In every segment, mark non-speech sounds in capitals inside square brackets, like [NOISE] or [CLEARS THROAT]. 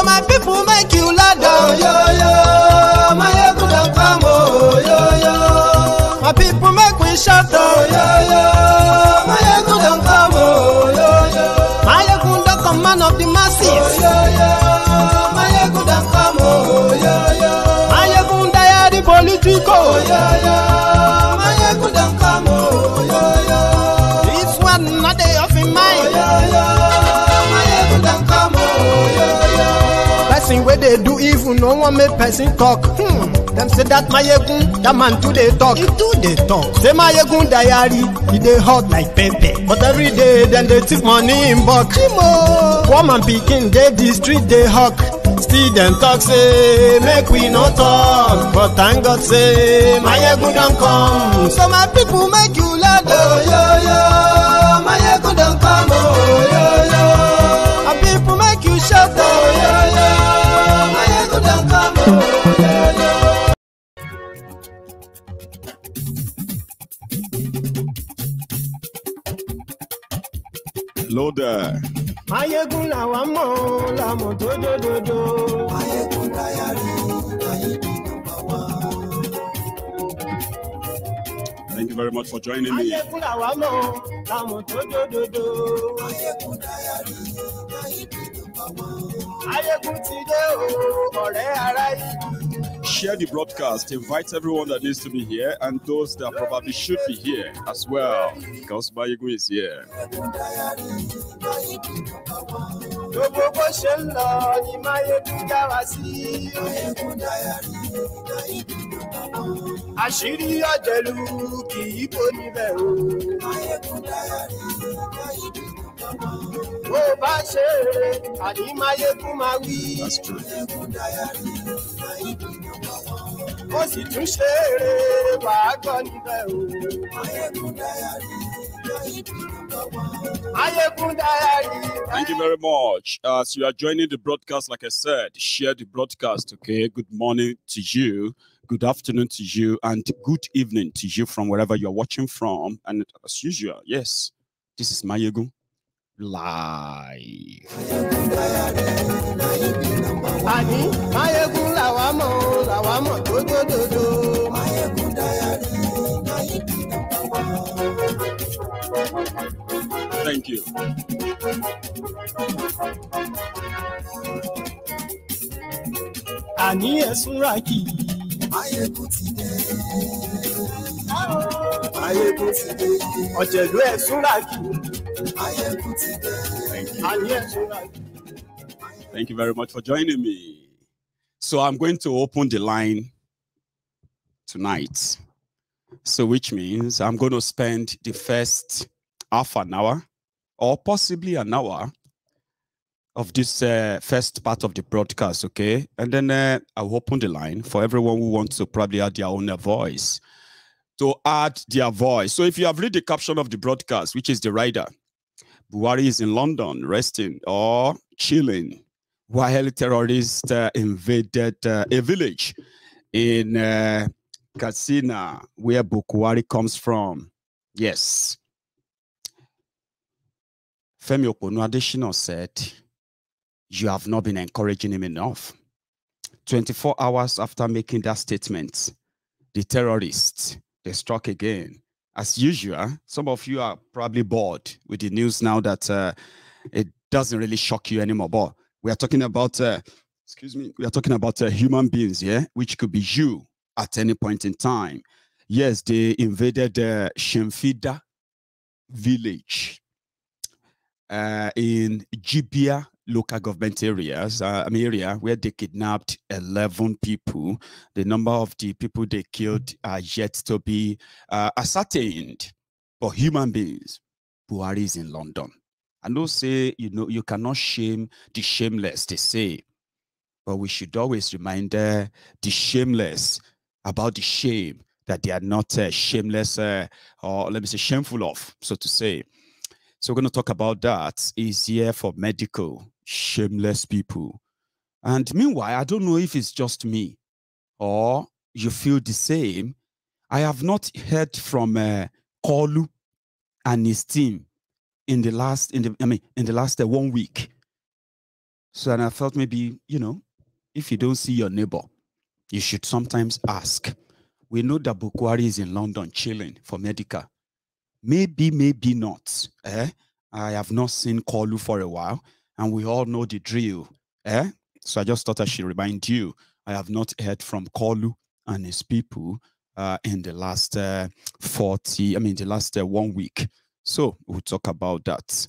So my people make you ladder. Oh, Oh, my people make we shout. Oh, yo, dey do evil no wan make person talk hmm. dem say dat mayegun dat man too dey talk e too dey talk say mayegun diary e dey hot like pepper but every day dem dey thief money in bulk imo woman pikin dey di street dey hawk still dem talk say make we no talk but thank god say mayegun don come so my pipo make you Oh yo yo, mayegun don come Oh yo yo, my pipo make you shout ló ayégun làwa mọ̀ ayégun rí ayégun tó bá wá. Thank you very much for joining me. ayégun làwa mọ̀ ayégun rí ayégun tó bá wá. ayégun ti dé o ọ̀rẹ́ ara yìí share the broadcast, invite everyone that needs to be here and those that probably should be here as well, because Bayigu is here. àṣírí ọ̀jẹ̀lú kì í bò níbẹ̀ o. bó bá ṣe é àní máa wí. Thank you very much. As you are joining the broadcast, like I said, share the broadcast, okay? Good morning to you good afternoon to you and good evening to you from wherever you're watching from. And as usual, yes, this is Mayegun live mọ̀ mọ̀ Thank you. Àní ẹ̀sùn rákì. ti dé. ti dé. ẹ̀sùn rákì. ti dé. ẹ̀sùn rákì. Thank you very much for joining me. So I'm going to open the line tonight. So which means I'm going to spend the first half an hour or possibly an hour of this uh, first part of the broadcast, okay? And then uh, I'll open the line for everyone who wants to probably add their own voice, to add their voice. So if you have read the caption of the broadcast, which is the rider, Buhari is in London resting or chilling while terrorists uh, invaded uh, a village in uh, Katsina, where Bukwari comes from. Yes. Femi Okonu Adeshina said, You have not been encouraging him enough. 24 hours after making that statement, the terrorists, they struck again. As usual, some of you are probably bored with the news now that uh, it doesn't really shock you anymore. But we are talking about, uh, excuse me, we are talking about uh, human beings, yeah, which could be you at any point in time. Yes, they invaded uh, Shemfida village uh, in Jibia local government areas, uh, an area where they kidnapped 11 people. The number of the people they killed are yet to be uh, ascertained. But human beings, Buhari is in London. And don't say, you know, you cannot shame the shameless, they say. But we should always remind uh, the shameless about the shame that they are not uh, shameless uh, or let me say shameful of, so to say. So we're going to talk about that. Is here for medical shameless people. And meanwhile, I don't know if it's just me or you feel the same. I have not heard from uh, Kolu and his team in the last in the I mean in the last uh, one week. So and I felt maybe you know, if you don't see your neighbor, you should sometimes ask. We know that Bukwari is in London chilling for medical. Maybe, maybe not. Eh? I have not seen Kolu for a while, and we all know the drill. Eh? So I just thought I should remind you. I have not heard from Kolu and his people uh, in the last uh, 40, I mean, the last uh, one week. So we'll talk about that.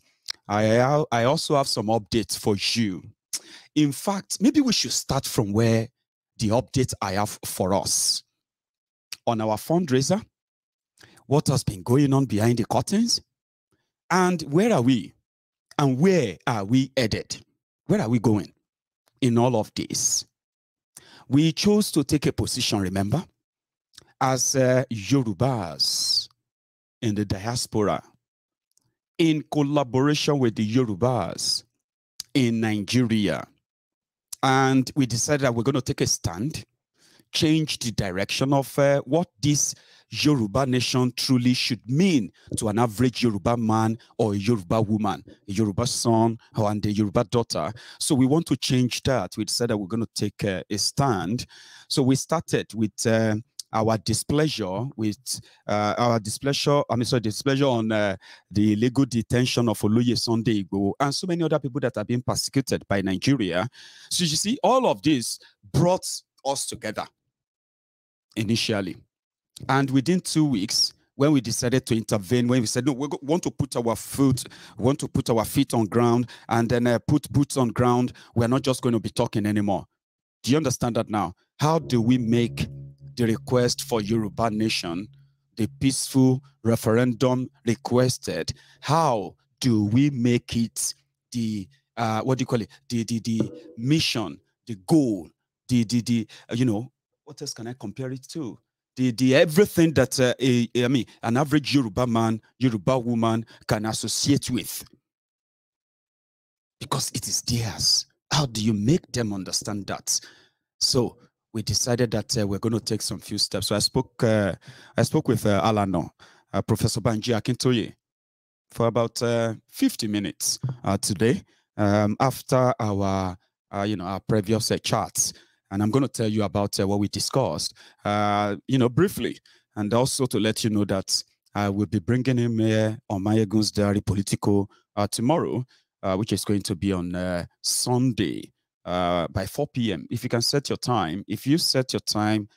I, I also have some updates for you. In fact, maybe we should start from where the update I have for us. On our fundraiser, what has been going on behind the curtains? And where are we? And where are we headed? Where are we going in all of this? We chose to take a position, remember, as uh, Yorubas in the diaspora in collaboration with the Yorubas in Nigeria. And we decided that we're going to take a stand, change the direction of uh, what this Yoruba nation truly should mean to an average Yoruba man or a Yoruba woman, a Yoruba son or and a Yoruba daughter. So we want to change that. We decided that we're going to take uh, a stand. So we started with uh, our displeasure with uh, our displeasure, I mean, sorry, displeasure on uh, the illegal detention of Oluye Sunday and so many other people that have been persecuted by Nigeria. So you see, all of this brought us together initially. And within two weeks, when we decided to intervene, when we said, no, we want to put our foot, want to put our feet on ground and then uh, put boots on ground, we're not just going to be talking anymore. Do you understand that now? How do we make the request for Yoruba nation, the peaceful referendum requested. How do we make it the uh, what do you call it? The the the mission, the goal, the the the uh, you know what else can I compare it to? The the everything that uh, a, a, I mean an average Yoruba man, Yoruba woman can associate with, because it is theirs. How do you make them understand that? So we decided that uh, we're going to take some few steps. So I spoke, uh, I spoke with uh, Alano, uh, Professor Banji Akintoye, for about uh, 50 minutes uh, today um, after our, uh, you know, our previous chats, and I'm going to tell you about what we discussed, you know, briefly, and also to let you know that I will be bringing him here on Maya Guns Diary Politico tomorrow, which is going to be on Sunday uh, by 4 p.m. If you can set your time, if you set your time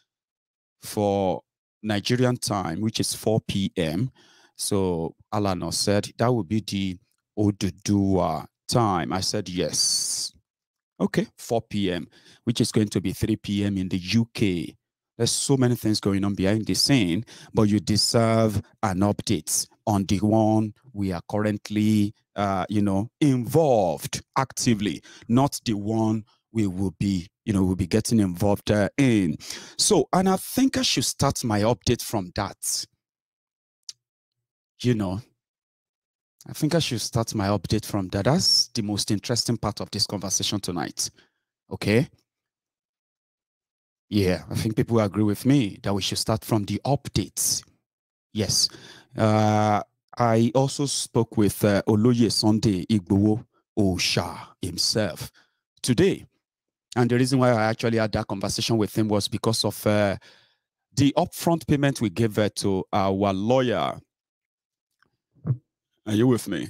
for Nigerian time, which is 4 p.m., so Alano said that would be the Oduduwa time. I said yes. Okay, 4 p.m., which is going to be 3 p.m. in the UK. There's so many things going on behind the scene, but you deserve an update on the one we are currently uh, you know, involved actively, not the one we will be, you know, we'll be getting involved uh, in. So, and I think I should start my update from that. You know, I think I should start my update from that. That's the most interesting part of this conversation tonight. Okay. Yeah, I think people agree with me that we should start from the updates. Yes. Uh, I also spoke with uh, Oloye Sunday Igbowo Osha himself today. And the reason why I actually had that conversation with him was because of uh, the upfront payment we gave uh, to our lawyer. Are you with me?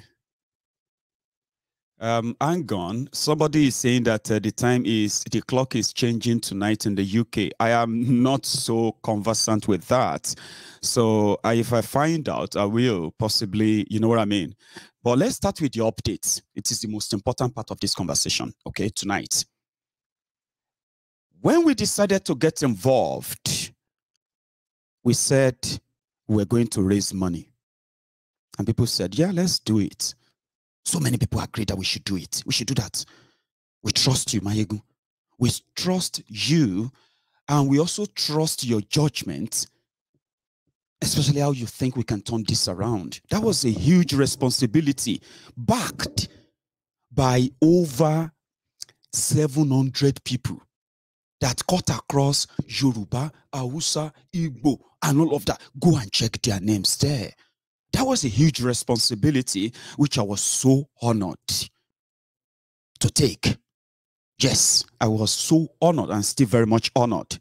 Um, hang on. Somebody is saying that uh, the time is the clock is changing tonight in the UK. I am not so conversant with that, so uh, if I find out, I will possibly. You know what I mean. But let's start with the updates. It is the most important part of this conversation. Okay, tonight. When we decided to get involved, we said we're going to raise money, and people said, "Yeah, let's do it." So many people agree that we should do it. We should do that. We trust you, Mayegu. We trust you, and we also trust your judgment, especially how you think we can turn this around. That was a huge responsibility, backed by over 700 people that cut across Yoruba, Hausa, Igbo, and all of that. Go and check their names there. That was a huge responsibility, which I was so honored to take. Yes, I was so honored and still very much honored.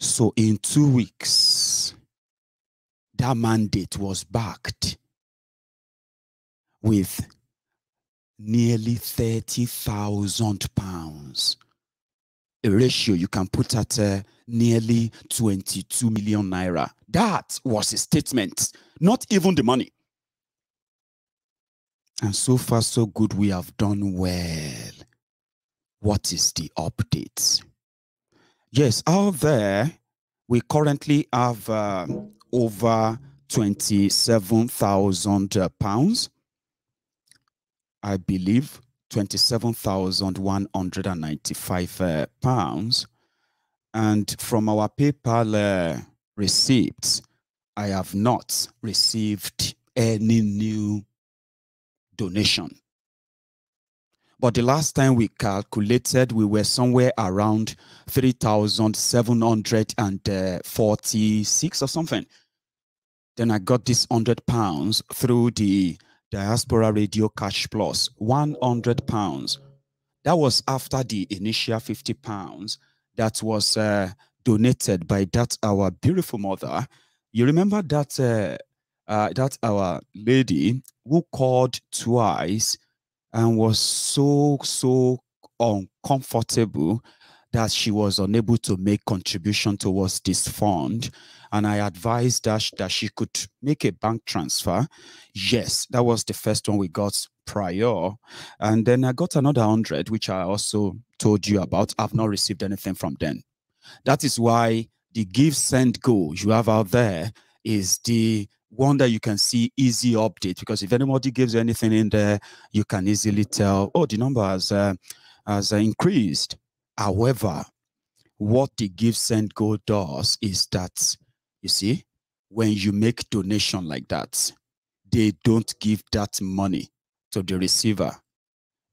So, in two weeks, that mandate was backed with nearly 30,000 pounds. A ratio you can put at uh, nearly 22 million naira. That was a statement not even the money. And so far, so good, we have done well. What is the update? Yes, out there, we currently have um, uh, over 27,000 pounds. I believe 27,195 uh, pounds. And from our PayPal uh, receipts, I have not received any new donation. But the last time we calculated, we were somewhere around 3,746 or something. Then I got this 100 pounds through the Diaspora Radio Cash Plus, 100 pounds. That was after the initial 50 pounds that was uh, donated by that our beautiful mother you remember that uh, uh, that our lady who called twice and was so so uncomfortable that she was unable to make contribution towards this fund and i advised her that she could make a bank transfer yes that was the first one we got prior and then i got another 100 which i also told you about i've not received anything from them that is why the give, send, go you have out there is the one that you can see easy update because if anybody gives you anything in there, you can easily tell, oh, the number has, uh, has uh, increased. However, what the give, send, go does is that, you see, when you make donation like that, they don't give that money to the receiver.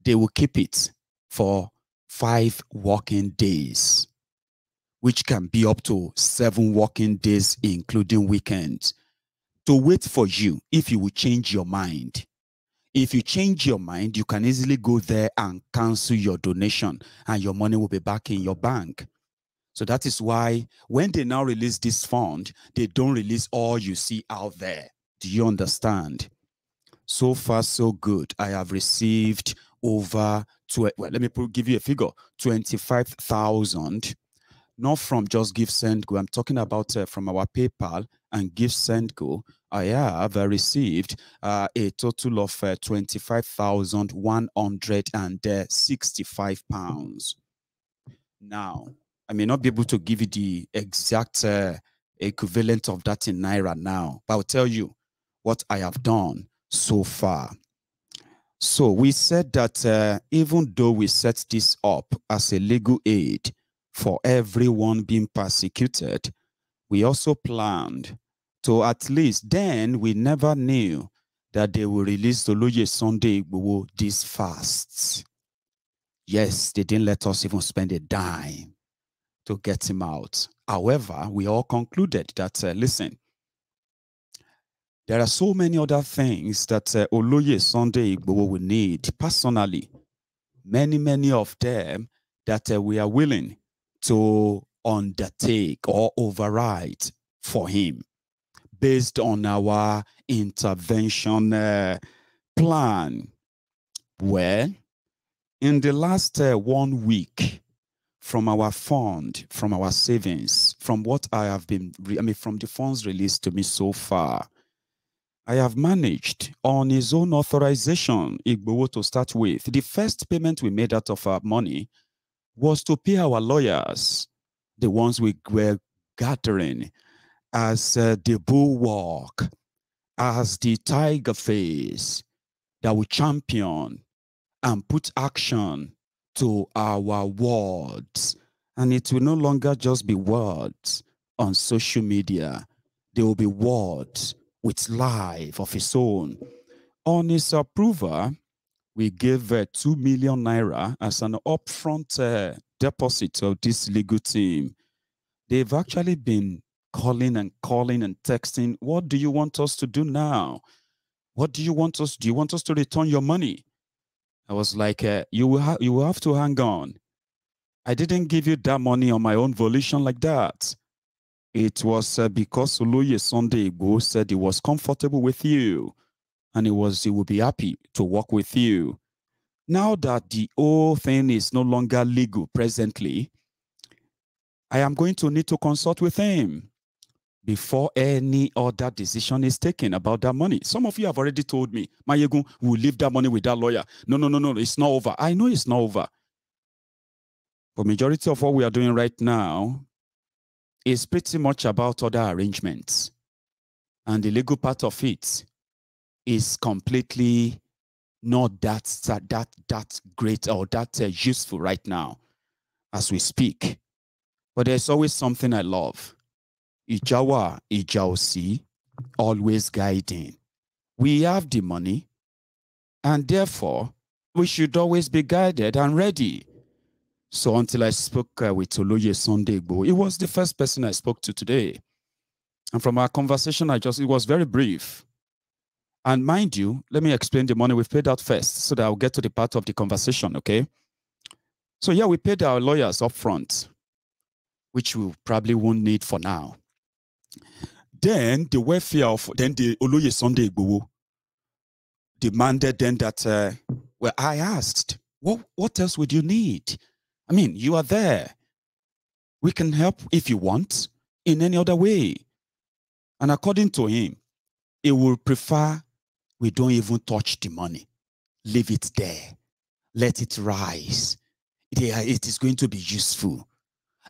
They will keep it for five working days which can be up to seven working days, including weekends, to wait for you if you will change your mind. If you change your mind, you can easily go there and cancel your donation, and your money will be back in your bank. So that is why when they now release this fund, they don't release all you see out there. Do you understand? So far, so good. I have received over, tw- well, let me give you a figure 25,000 not from just Give Send Go. I'm talking about uh, from our PayPal and Give Send Go. I have uh, received uh, a total of uh, 25,165 pounds. Now, I may not be able to give you the exact uh, equivalent of that in Naira now, but I'll tell you what I have done so far. So we said that uh, even though we set this up as a legal aid, for everyone being persecuted, we also planned to at least then we never knew that they will release Oloye Sunday will this fast. Yes, they didn't let us even spend a dime to get him out. However, we all concluded that, uh, listen, there are so many other things that uh, Oloye Sunday Igbowo will need personally. Many, many of them that uh, we are willing to undertake or override for him based on our intervention uh, plan. Well, in the last uh, one week, from our fund, from our savings, from what I have been, I mean, from the funds released to me so far, I have managed on his own authorization, Igbowo to start with. The first payment we made out of our money was to pay our lawyers, the ones we were gathering as uh, the bulwark, as the tiger face that we champion and put action to our words. And it will no longer just be words on social media, there will be words with life of its own. On his approval, we gave uh, 2 million naira as an upfront uh, deposit of this legal team. They've actually been calling and calling and texting, What do you want us to do now? What do you want us? Do you want us to return your money? I was like, uh, you, will you will have to hang on. I didn't give you that money on my own volition like that. It was uh, because Oluye Sunday Igbo said he was comfortable with you and he was he would be happy to work with you. Now that the whole thing is no longer legal presently, I am going to need to consult with him before any other decision is taken about that money. Some of you have already told me, Mayegun, will leave that money with that lawyer. No, no, no, no, it's not over. I know it's not over. But majority of what we are doing right now is pretty much about other arrangements and the legal part of it is completely not that that that great or that uh, useful right now as we speak but there's always something i love ijawa ijaosi always guiding we have the money and therefore we should always be guided and ready so until i spoke uh, with Oloye Sunday Igbo, he was the first person i spoke to today and from our conversation i just it was very brief and mind you, let me explain the money we've paid out first so that I'll get to the part of the conversation, okay? So, yeah, we paid our lawyers up front, which we probably won't need for now. Then the welfare of, then the Oloye Sunday Igbowo demanded then that, uh, well, I asked, what, what else would you need? I mean, you are there. We can help if you want in any other way. And according to him, he would prefer we don't even touch the money. Leave it there. Let it rise. It is going to be useful.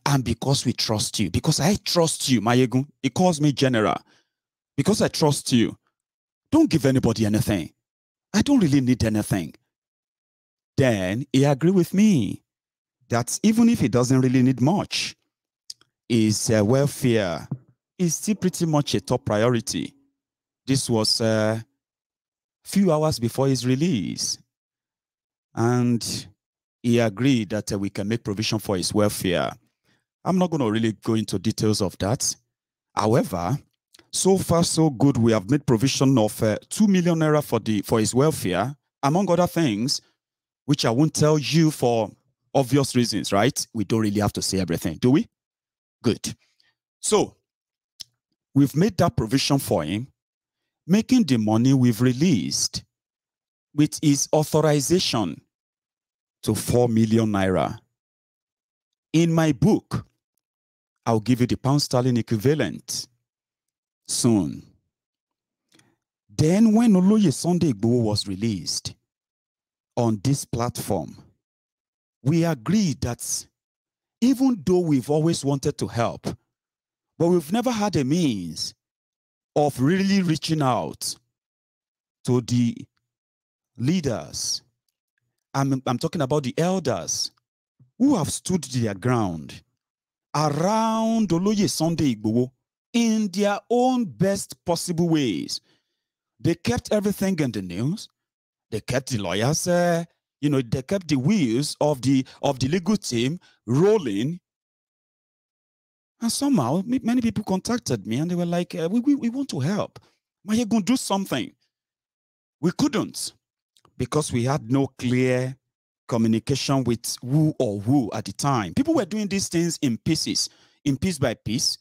And because we trust you, because I trust you, Mayegun, it calls me general. Because I trust you, don't give anybody anything. I don't really need anything. Then he agreed with me that even if he doesn't really need much, his uh, welfare is still pretty much a top priority. This was uh, few hours before his release. And he agreed that uh, we can make provision for his welfare. I'm not going to really go into details of that. However, so far so good, we have made provision of uh, two million naira for the for his welfare, among other things, which I won't tell you for obvious reasons, right? We don't really have to say everything, do we? Good. So we've made that provision for him making the money we've released with his authorization to 4 million naira. In my book, I'll give you the pound sterling equivalent soon. Then, when Oloye Sunday Igboho was released on this platform, we agreed that even though we've always wanted to help, but we've never had a means of really reaching out to the leaders. I'm, I'm talking about the elders who have stood their ground around Oloye Sunday Igbo in their own best possible ways. They kept everything in the news. They kept the lawyers, uh, you know, they kept the wheels of the of the legal team rolling and somehow, many people contacted me and they were like, uh, we, we, we, want to help. But you going to do something. We couldn't because we had no clear communication with who or who at the time. People were doing these things in pieces, in piece by piece,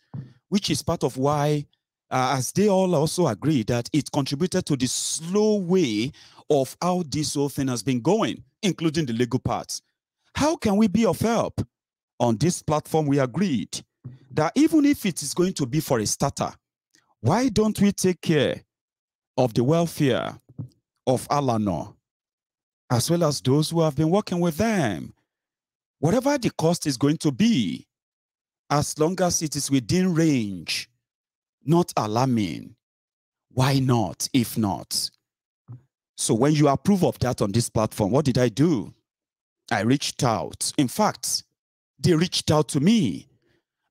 which is part of why, uh, as they all also agree, that it contributed to the slow way of how this whole thing has been going, including the legal parts. How can we be of help? On this platform, we agreed that even if it is going to be for a starter, why don't we take care of the welfare of Alanor, as well as those who have been working with them? Whatever the cost is going to be, as long as it is within range, not alarming. Why not, if not? So when you approve of that on this platform, what did I do? I reached out. In fact, they reached out to me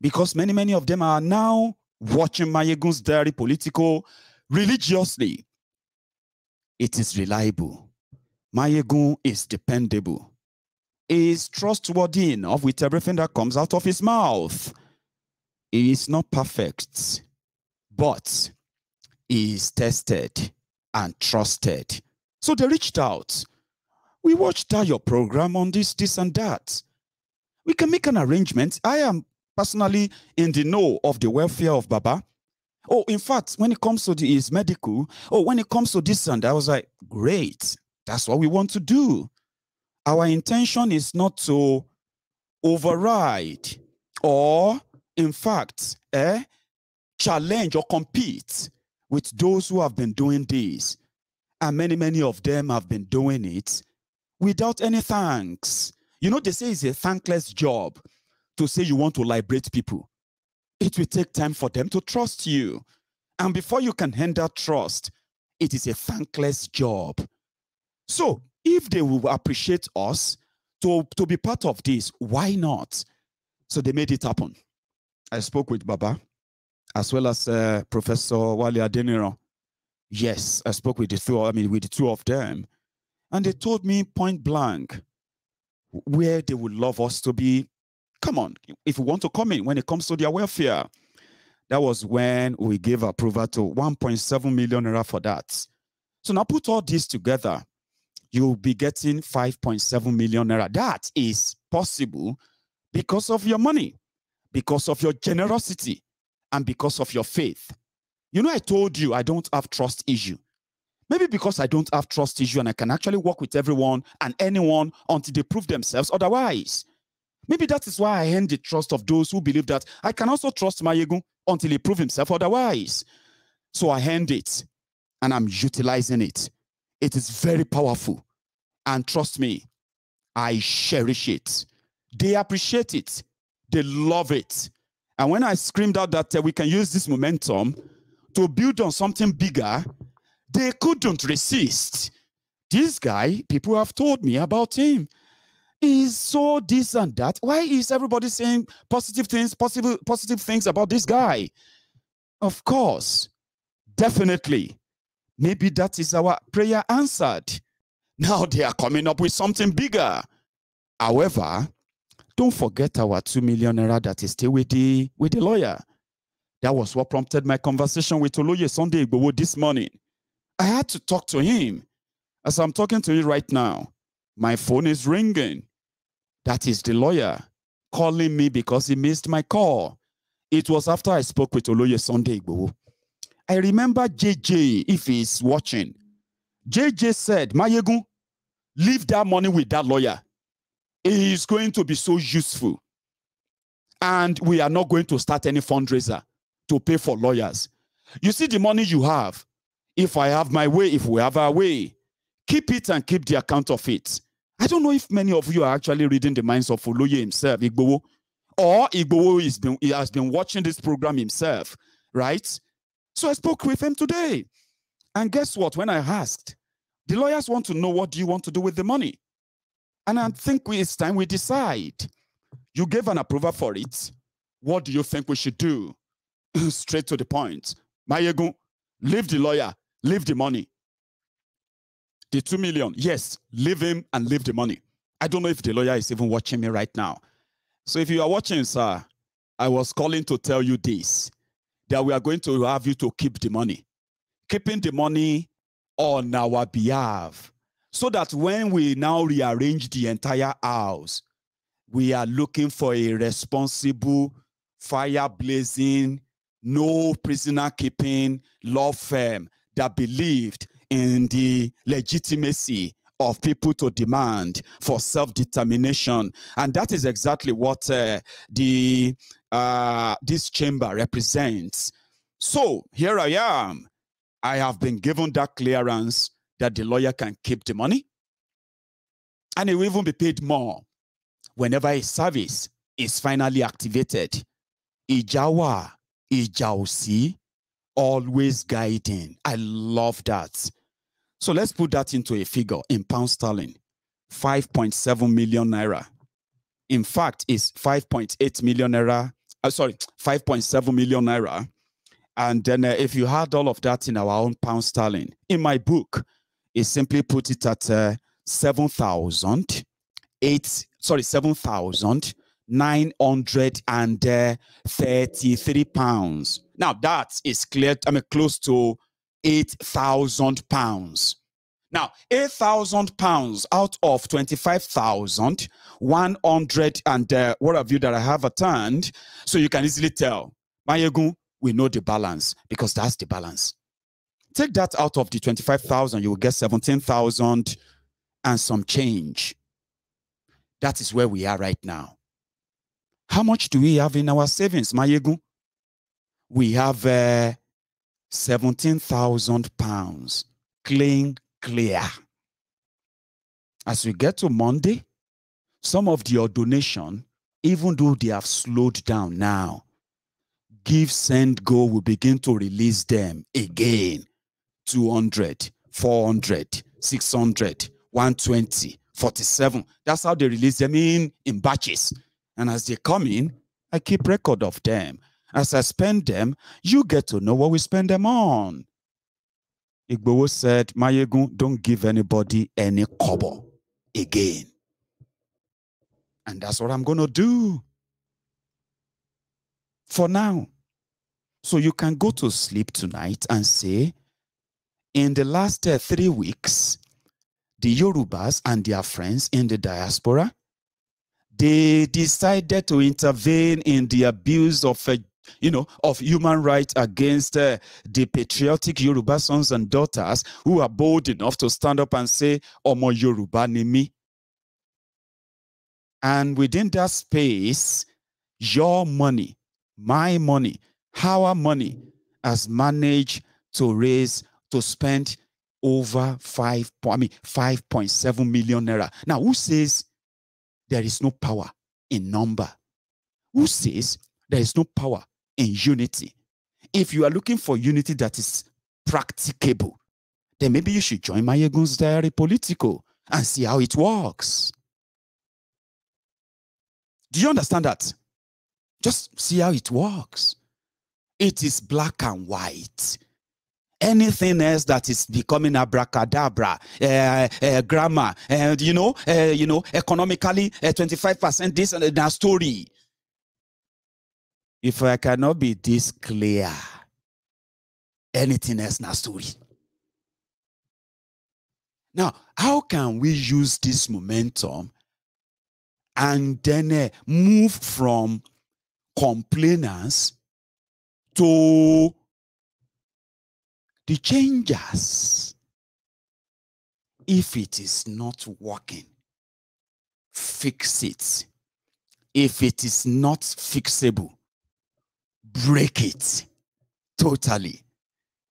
because many, many of them are now watching Mayegun's diary political religiously. It is reliable. Mayegun is dependable, he is trustworthy enough with everything that comes out of his mouth. He is not perfect, but he is tested and trusted. So they reached out. We watched your program on this, this, and that. We can make an arrangement. I am personally in the know of the welfare of Baba. Oh, in fact, when it comes to the, his medical, oh, when it comes to this and I was like, great, that's what we want to do. Our intention is not to override or, in fact, eh, challenge or compete with those who have been doing this. And many, many of them have been doing it without any thanks. You know, they say it's a thankless job to say you want to liberate people. It will take time for them to trust you. And before you can handle trust, it is a thankless job. So, if they will appreciate us to, to be part of this, why not? So, they made it happen. I spoke with Baba as well as uh, Professor Wale Adeniro. Yes, I spoke with the two. I mean, with the two of them, and they told me point blank where they would love us to be Come on, if you want to come in when it comes to their welfare. That was when we gave approval to 1.7 million naira for that. So now put all this together, you'll be getting 5.7 million naira. That is possible because of your money, because of your generosity, and because of your faith. You know, I told you I don't have trust issue. Maybe because I don't have trust issue and I can actually work with everyone and anyone until they prove themselves otherwise. Maybe that is why I hand the trust of those who believe that I can also trust Mayegun until he prove himself otherwise. So I hand it and I'm utilizing it. It is very powerful. And trust me, I cherish it. They appreciate it. They love it. And when I screamed out that uh, we can use this momentum to build on something bigger, they couldn't resist. This guy, people have told me about him is so this and that? Why is everybody saying positive things, possible positive things about this guy? Of course, definitely. Maybe that is our prayer answered. Now they are coming up with something bigger. However, don't forget our two million millionaire that is still with the with the lawyer. That was what prompted my conversation with Oloye Sunday Igbowo this morning. I had to talk to him. As I'm talking to you right now, my phone is ringing. That is the lawyer calling me because he missed my call. It was after I spoke with Oloye Sunday I remember JJ, if he's watching. JJ said, Mayegun, leave that money with that lawyer. It is going to be so useful. And we are not going to start any fundraiser to pay for lawyers. You see the money you have. If I have my way, if we have our way, keep it and keep the account of it. I don't know if many of you are actually reading the minds of Oloye himself, Igbowo, or Igbowo is been, has been watching this program himself, right? So I spoke with him today. And guess what? When I asked, the lawyers want to know what do you want to do with the money? And I think we, it's time we decide. You gave an approval for it. What do you think we should do? [CLEARS THROAT] Straight to the point. Mayegun, leave the lawyer, leave the money. The two million, yes, leave him and leave the money. I don't know if the lawyer is even watching me right now. So if you are watching, sir, I was calling to tell you this, that we are going to have you to keep the money. Keeping the money on our behalf. So that when we now rearrange the entire house, we are looking for a responsible, fire blazing, no prisoner keeping law firm that believed in the legitimacy of people to demand for self-determination. And that is exactly what uh, the uh, this chamber represents. So here I am. I have been given that clearance that the lawyer can keep the money. And he will even be paid more whenever his service is finally activated. Ijawa, Ijausi, always guiding. I love that. So let's put that into a figure in pound sterling 5.7 million naira. In fact, it's 5.8 million naira. uh, sorry, 5.7 million naira. And then uh, if you had all of that in our own pound sterling, in my book, it simply put it at uh, 7,000, eight, sorry, 7,933 uh, pounds. Now that is clear, I mean, close to 8,000 pounds. Now, 8,000 pounds out of 25,000, 100 and uh, what have you that I have returned. So you can easily tell. Mayegun, we know the balance because that's the balance. Take that out of the 25,000, you will get 17,000 and some change. That is where we are right now. How much do we have in our savings, Mayegun? We have uh, 17,000 pounds clean clear. As we get to Monday, some of your donation, even though they have slowed down now, give, send, go will begin to release them again. 200, 400, 600, 120, 47. That's how they release them in, in batches. And as they come in, I keep record of them. As I spend them, you get to know what we spend them on. Igbowo said, Mayegun, don't give anybody any kobo again. And that's what I'm going to do for now. So you can go to sleep tonight and say, in the last uh, three weeks, the Yorubas and their friends in the diaspora, they decided to intervene in the abuse of uh, you know, of human rights against uh, the patriotic Yoruba sons and daughters who are bold enough to stand up and say, Omo Yoruba ni And within that space, your money, my money, our money has managed to raise, to spend over five, I mean, 5.7 million naira. Now, who says there is no power in number? Who says there is no power in unity. If you are looking for unity that is practicable, then maybe you should join Mayegun's Diary political and see how it works. Do you understand that? Just see how it works. It is black and white. Anything else that is becoming abracadabra, uh, uh, grammar, and uh, you know, you know, economically, twenty-five percent this and that story if I cannot be this clear, anything else na story. Now, how can we use this momentum and then uh, move from complainers to the changers if it is not working fix it if it is not fixable break it totally.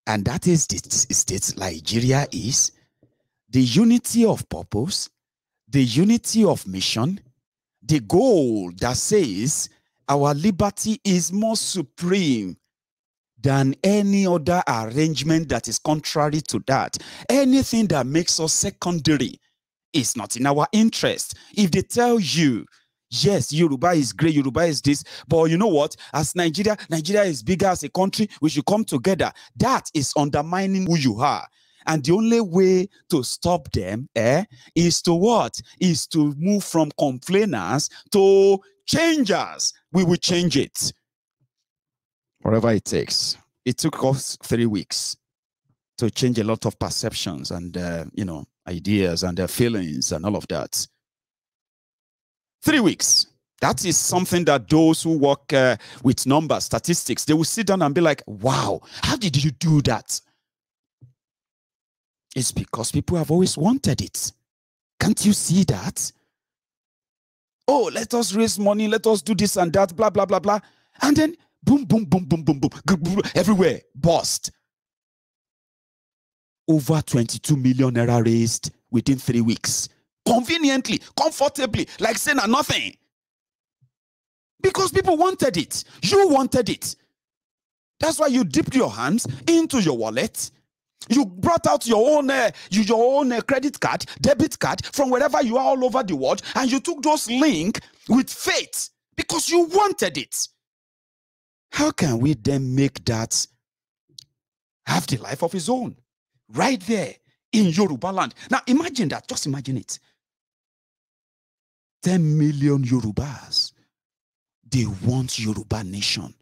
And that is the state Nigeria is the unity of purpose, the unity of mission, the goal that says our liberty is more supreme than any other arrangement that is contrary to that. Anything that makes us secondary is not in our interest. If they tell you Yes, Yoruba is great, Yoruba is this. But you know what? As Nigeria, Nigeria is bigger as a country. We should come together. That is undermining who you are. And the only way to stop them eh, is to what? Is to move from complainers to changers. We will change it. Whatever it takes. It took us three weeks to change a lot of perceptions and, uh, you know, ideas and their uh, feelings and all of that. Three weeks. That is something that those who work uh, with numbers, statistics, they will sit down and be like, wow, how did you do that? It's because people have always wanted it. Can't you see that? Oh, let us raise money, let us do this and that, blah, blah, blah, blah. And then boom, boom, boom, boom, boom, boom, boom everywhere, bust. Over 22 million naira raised within three weeks conveniently, comfortably, like saying nothing. Because people wanted it. You wanted it. That's why you dipped your hands into your wallet. You brought out your own uh, your own uh, credit card, debit card from wherever you are all over the world, and you took those link with faith because you wanted it. How can we then make that have the life of his own? Right there in Yoruba land. Now imagine that. Just imagine it. 10 million Yorubas. They want Yoruba nation.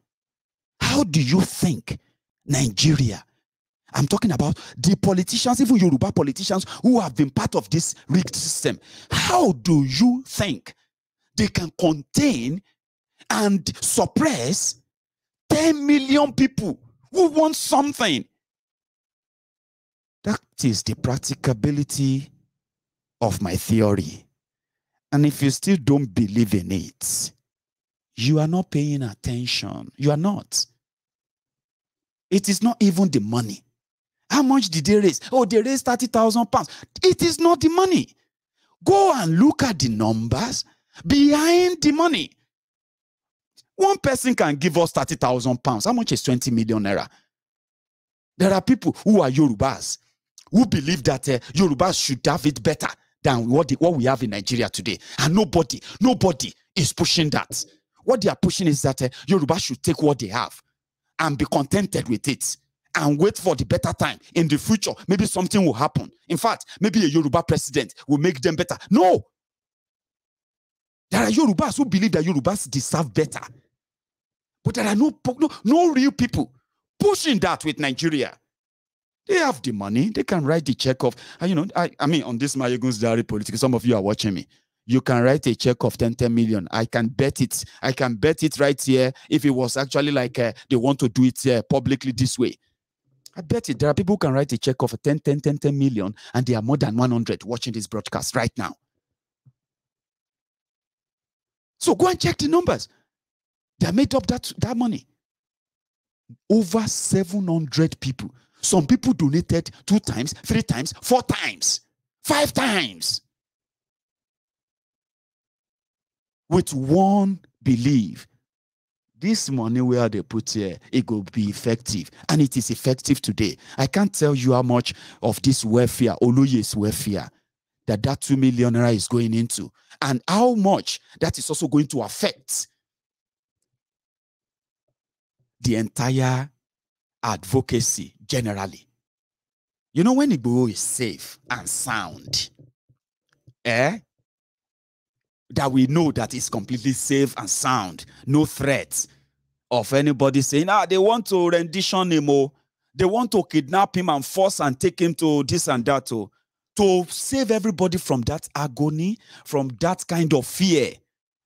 How do you think Nigeria? I'm talking about the politicians, even Yoruba politicians who have been part of this rigged system. How do you think they can contain and suppress 10 million people who want something? That is the practicability of my theory. And if you still don't believe in it, you are not paying attention. You are not. It is not even the money. How much did they raise? Oh, they raised 30,000 pounds. It is not the money. Go and look at the numbers behind the money. One person can give us 30,000 pounds. How much is 20 million naira? There are people who are Yorubas who believe that uh, Yorubas should have it better than what, the, what we have in Nigeria today. And nobody, nobody is pushing that. What they are pushing is that uh, Yoruba should take what they have and be contented with it and wait for the better time in the future. Maybe something will happen. In fact, maybe a Yoruba president will make them better. No. There are Yorubas who believe that Yorubas deserve better. But there are no, no, no real people pushing that with Nigeria. They have the money. They can write the check off. you know, I, I mean, on this Mayegun's Diary Politics, some of you are watching me. You can write a check of 10, 10 million. I can bet it. I can bet it right here. If it was actually like uh, they want to do it uh, publicly this way. I bet it. There are people who can write a check of 10, 10, 10, 10 million, and they are more than 100 watching this broadcast right now. So go and check the numbers. They made up that, that money. Over 700 people. Some people donated two times, three times, four times, five times. With one belief, this money where they put here, it will be effective. And it is effective today. I can't tell you how much of this welfare, Oluye's welfare, that that 2 million naira is going into. And how much that is also going to affect the entire advocacy generally. You know, when Igbo is safe and sound, eh? That we know that it's completely safe and sound, no threats of anybody saying, ah, they want to rendition him, oh, they want to kidnap him and force and take him to this and that, oh, to save everybody from that agony, from that kind of fear.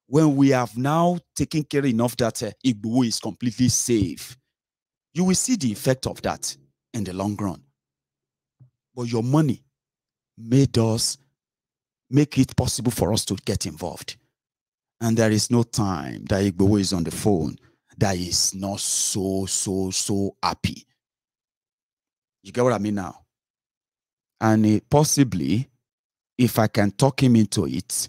When we have now taken care enough that uh, eh, Igbo is completely safe, you will see the effect of that in the long run. But your money made us make it possible for us to get involved. And there is no time that Igbo is on the phone that is not so, so, so happy. You get what I mean now? And it, possibly, if I can talk him into it,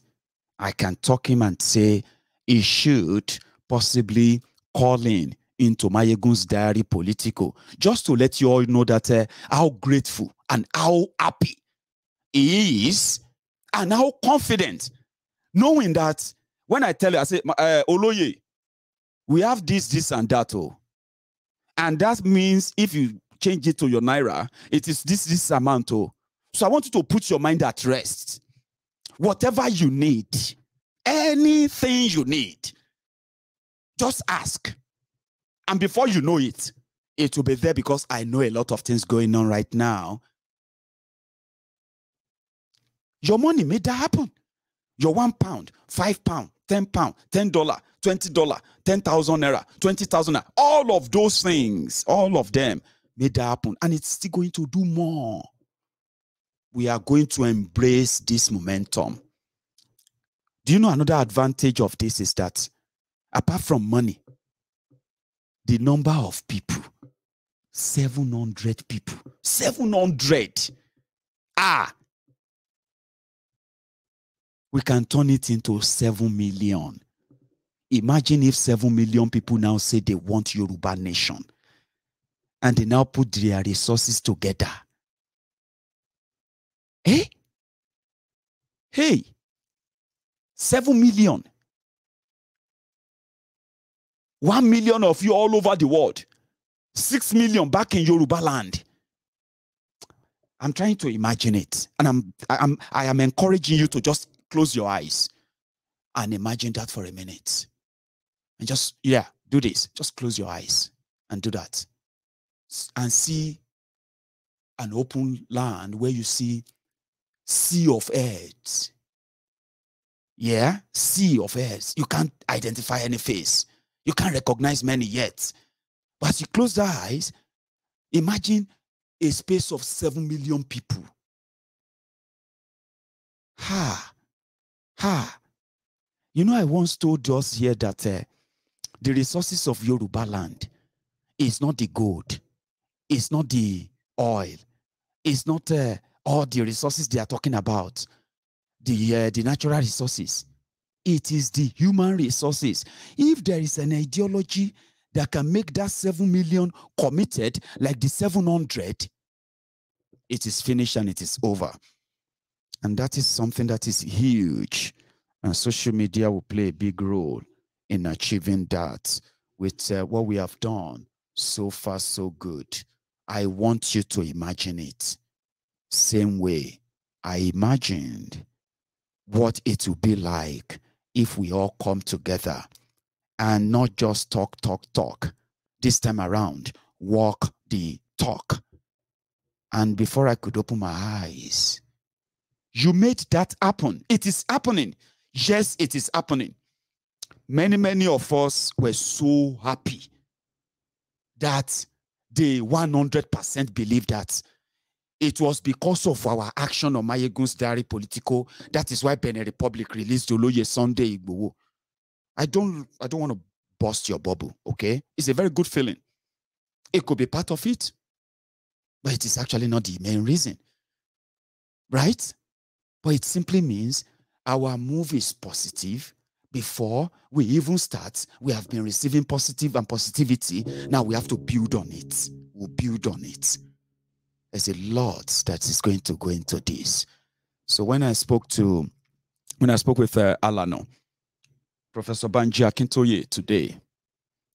I can talk him and say he should possibly call in into Mayegun's Diary Politico, just to let you all know that uh, how grateful and how happy he is and how confident, knowing that when I tell you, I say, uh, Oloye, we have this, this, and that. Oh. And that means if you change it to your Naira, it is this, this amount. Oh. So I want you to put your mind at rest. Whatever you need, anything you need, just ask. And before you know it, it will be there because I know a lot of things going on right now. Your money made that happen. Your one pound, five pound, ten pound, ten dollar, twenty dollar, ten thousand naira, twenty thousand naira. All of those things, all of them made that happen. And it's still going to do more. We are going to embrace this momentum. Do you know another advantage of this is that apart from money, the number of people 700 people 700 ah we can turn it into 7 million imagine if 7 million people now say they want yoruba nation and they now put their resources together hey eh? hey 7 million one million of you all over the world. Six million back in Yoruba land. I'm trying to imagine it. And I'm, I'm, I am encouraging you to just close your eyes and imagine that for a minute. And just, yeah, do this. Just close your eyes and do that. And see an open land where you see sea of heads. Yeah, sea of heads. You can't identify any face. You can't recognize many yet. But as you close your eyes, imagine a space of 7 million people. Ha! Ha! You know, I once told us here that uh, the resources of Yoruba land is not the gold, it's not the oil, it's not uh, all the resources they are talking about, the, uh, the natural resources. It is the human resources. If there is an ideology that can make that 7 million committed like the 700, it is finished and it is over. And that is something that is huge. And social media will play a big role in achieving that with uh, what we have done so far, so good. I want you to imagine it. Same way I imagined what it would be like if we all come together and not just talk, talk, talk. This time around, walk the talk. And before I could open my eyes, you made that happen. It is happening. Yes, it is happening. Many, many of us were so happy that they 100% believe that it was because of our action on Mayegun's Diary political That is why Benin Republic released Oloye Sunday Igbowo. I don't, I don't want to bust your bubble, okay? It's a very good feeling. It could be part of it, but it is actually not the main reason, right? But it simply means our move is positive. Before we even start, we have been receiving positive and positivity. Now we have to build on it. We'll build on it. There's a lot that is going to go into this. So when I spoke to, when I spoke with uh, Alano, Professor Banji Akintoye today,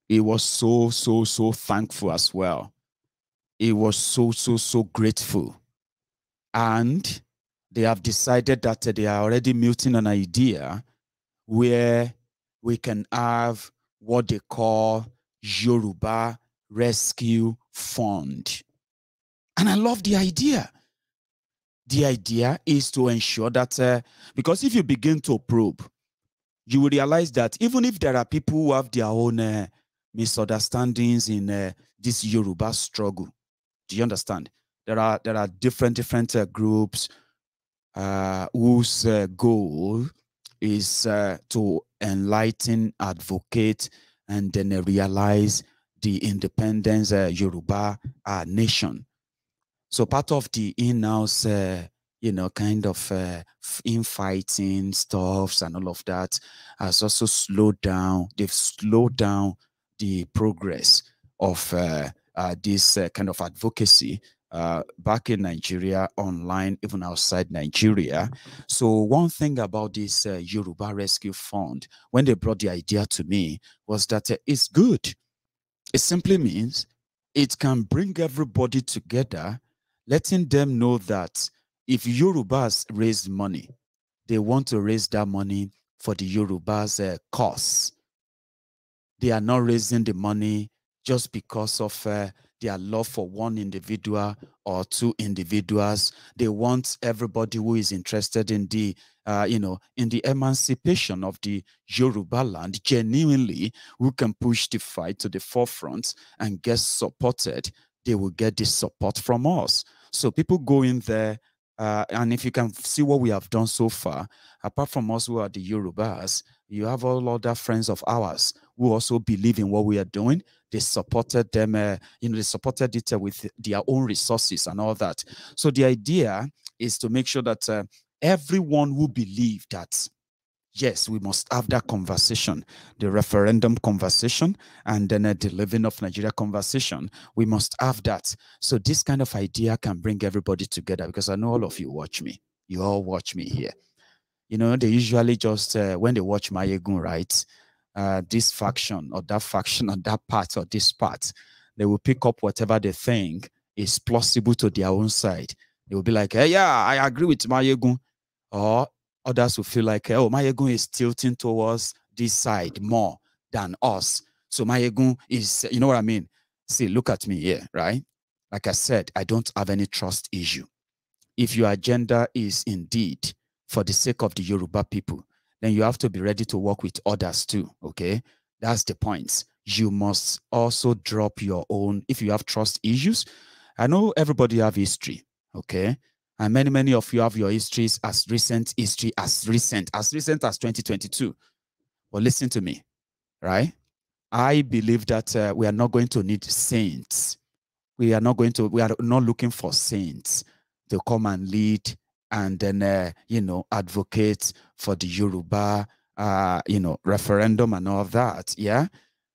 he was so, so, so thankful as well. He was so, so, so grateful. And they have decided that they are already muting an idea where we can have what they call Yoruba Rescue Fund. And I love the idea. The idea is to ensure that, uh, because if you begin to probe, you will realize that even if there are people who have their own uh, misunderstandings in uh, this Yoruba struggle, do you understand? There are there are different different uh, groups uh, whose uh, goal is to enlighten, advocate, and then realize the independence Yoruba nation so part of the in-house, uh, you know, kind of uh, infighting stuffs and all of that has also slowed down. They've slowed down the progress of uh, uh this uh, kind of advocacy uh, back in Nigeria, online, even outside Nigeria. So one thing about this Yoruba Rescue Fund, when they brought the idea to me, was that it's good. It simply means it can bring everybody together letting them know that if Yorubas raise money, they want to raise that money for the Yorubas uh, cause. They are not raising the money just because of uh, their love for one individual or two individuals. They want everybody who is interested in the, uh, you know, in the emancipation of the Yoruba land genuinely, who can push the fight to the forefront and get supported. They will get this support from us. So people go in there, uh, and if you can see what we have done so far, apart from us who are the Yorubas, you have all other friends of ours who also believe in what we are doing. They supported them, uh, you know, they supported it uh, with their own resources and all that. So the idea is to make sure that uh, everyone who believes that Yes, we must have that conversation, the referendum conversation, and then uh, the living of Nigeria conversation. We must have that. So this kind of idea can bring everybody together because I know all of you watch me. You all watch me here. You know, they usually just, uh, when they watch Mayegun, right, uh, this faction or that faction or that part or this part, they will pick up whatever they think is plausible to their own side. They will be like, hey, eh, yeah, I agree with Mayegun. Or others will feel like, oh, my Mayegun is tilting towards this side more than us. So my Mayegun is, you know what I mean? See, look at me here, right? Like I said, I don't have any trust issue. If your agenda is indeed for the sake of the Yoruba people, then you have to be ready to work with others too, okay? That's the point. You must also drop your own, if you have trust issues. I know everybody have history, okay? And many, many of you have your histories as recent history, as recent, as recent as 2022. But listen to me, right? I believe that uh, we are not going to need saints. We are not going to, we are not looking for saints to come and lead and then, uh, you know, advocate for the Yoruba, uh, you know, referendum and all that. Yeah.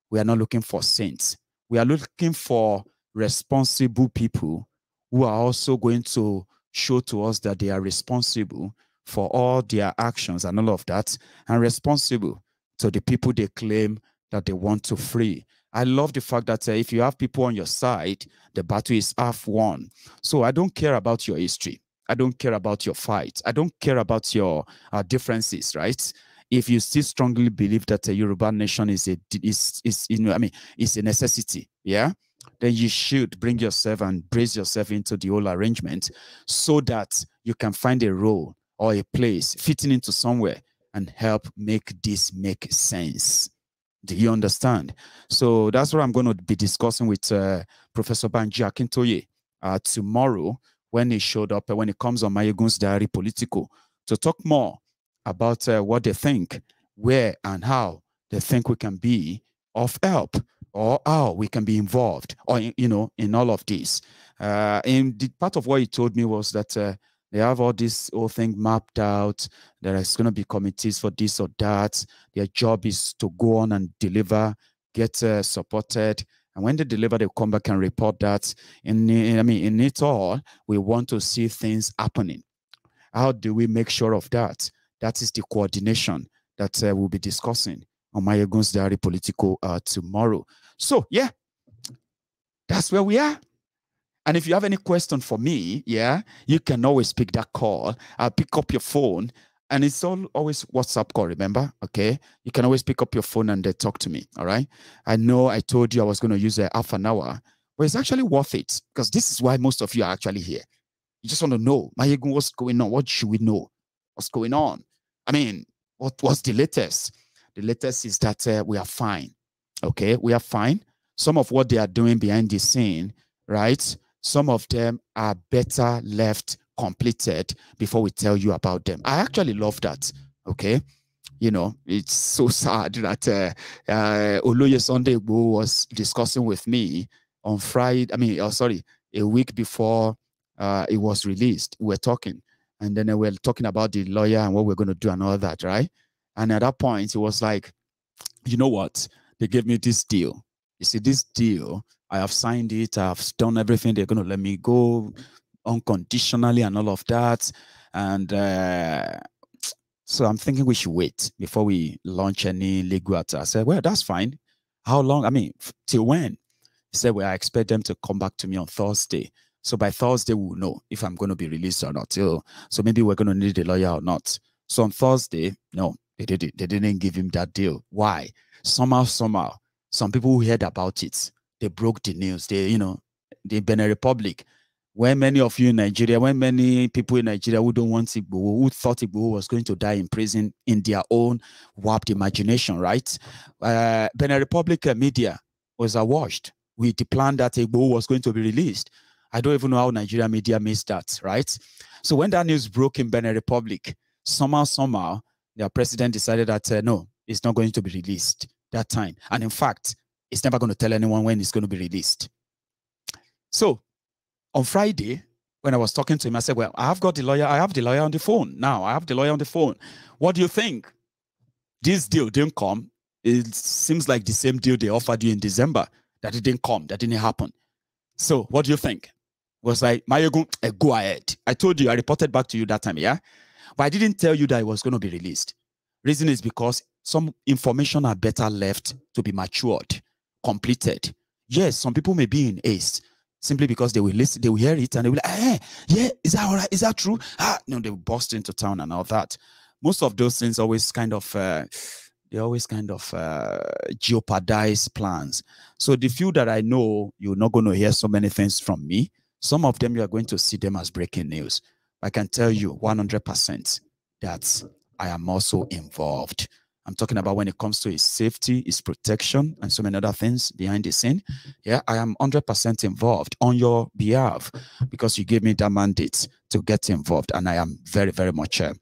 We are not looking for saints. We are looking for responsible people who are also going to show to us that they are responsible for all their actions and all of that, and responsible to the people they claim that they want to free. I love the fact that uh, if you have people on your side, the battle is half won. So I don't care about your history. I don't care about your fight. I don't care about your uh, differences, right? If you still strongly believe that a Yoruba nation is a is is you know, I mean, is a necessity, yeah, then you should bring yourself and brace yourself into the whole arrangement so that you can find a role or a place fitting into somewhere and help make this make sense. Do you understand? So that's what I'm going to be discussing with uh, Professor Banji Akintoye uh, tomorrow when he showed up, uh, when he comes on Mayegun's Diary Political to talk more about uh, what they think, where and how they think we can be of help or how we can be involved or you know in all of this uh, and the part of what he told me was that uh, they have all this whole thing mapped out there is going to be committees for this or that their job is to go on and deliver get uh, supported and when they deliver they come back and report that in i mean in it all we want to see things happening how do we make sure of that that is the coordination that uh, we'll be discussing on my Egon's Diary political uh, tomorrow. So, yeah, that's where we are. And if you have any question for me, yeah, you can always pick that call. I'll pick up your phone. And it's all always WhatsApp call, remember? Okay. You can always pick up your phone and uh, talk to me. All right. I know I told you I was going to use a uh, half an hour, but it's actually worth it because this is why most of you are actually here. You just want to know, Mayegun, what's going on? What should we know? What's going on? I mean, what was the latest? The latest is that uh, we are fine. Okay, we are fine. Some of what they are doing behind the scene, right? Some of them are better left completed before we tell you about them. I actually love that. Okay. You know, it's so [LAUGHS] sad that uh, uh, Oloye Sunday was discussing with me on Friday. I mean, oh, sorry, a week before uh, it was released. We were talking, and then we were talking about the lawyer and what we're going to do and all that, right? And at that point, it was like, you know what? They gave me this deal. You see, this deal, I have signed it, I've done everything. They're going to let me go unconditionally and all of that. And uh, so I'm thinking we should wait before we launch any legal I said, well, that's fine. How long? I mean, till when? He said, well, I expect them to come back to me on Thursday. So by Thursday, we'll know if I'm going to be released or not. So maybe we're going to need a lawyer or not. So on Thursday, no, they did it. They didn't give him that deal. Why? Somehow, somehow, some people who heard about it, they broke the news. They, you know, the Benin Republic, where many of you in Nigeria, when many people in Nigeria who don't want Igbo, who thought Igbo was going to die in prison in their own warped imagination, right? Uh, Benin Republic uh, media was awashed with the plan that Igbo was going to be released. I don't even know how Nigeria media missed that, right? So when that news broke in Benin Republic, somehow, somehow, the president decided that uh, no, it's not going to be released that time. And in fact, it's never going to tell anyone when it's going to be released. So on Friday, when I was talking to him, I said, Well, I have got the lawyer. I have the lawyer on the phone now. I have the lawyer on the phone. What do you think? This deal didn't come. It seems like the same deal they offered you in December that it didn't come, that didn't happen. So, what do you think? was like, Mayogun, eh, go ahead. I told you, I reported back to you that time, yeah? But I didn't tell you that it was going to be released. Reason is because some information are better left to be matured, completed. Yes, some people may be in haste simply because they will listen, they will hear it and they will like, hey, eh, yeah, is that all right? Is that true? Ah, no, they will bust into town and all that. Most of those things always kind of uh, they always kind of uh, jeopardize plans. So the few that I know, you're not going to hear so many things from me. Some of them you are going to see them as breaking news. I can tell you 100% that I am also involved. I'm talking about when it comes to his safety, his protection, and so many other things behind the scene. Yeah, I am 100% involved on your behalf because you gave me that mandate to get involved, and I am very, very much uh,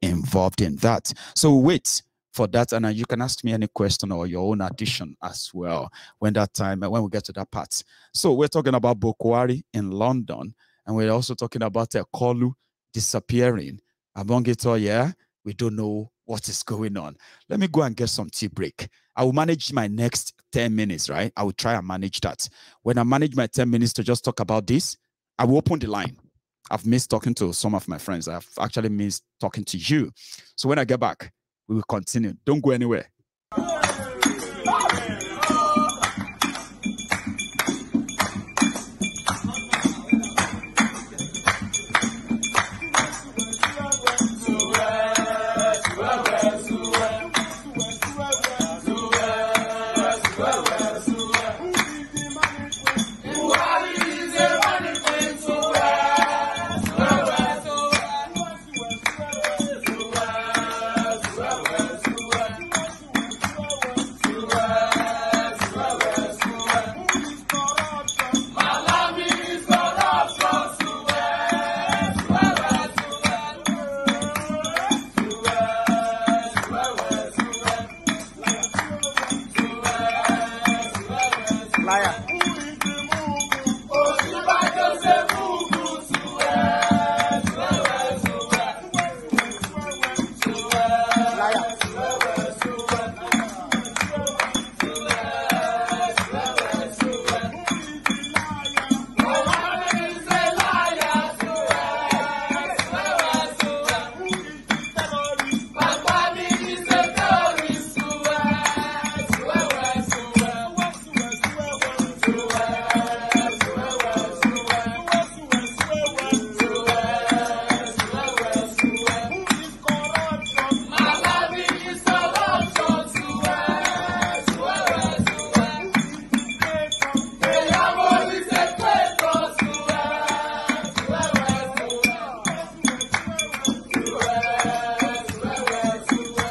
involved in that. So wait for that, and uh, you can ask me any question or your own addition as well when that time, uh, when we get to that part. So we're talking about Bokwari in London, and we're also talking about uh, Kolu disappearing. Among it all, yeah, we don't know what is going on. Let me go and get some tea break. I will manage my next 10 minutes, right? I will try and manage that. When I manage my 10 minutes to just talk about this, I will open the line. I've missed talking to some of my friends. I've actually missed talking to you. So when I get back, we will continue. Don't go anywhere.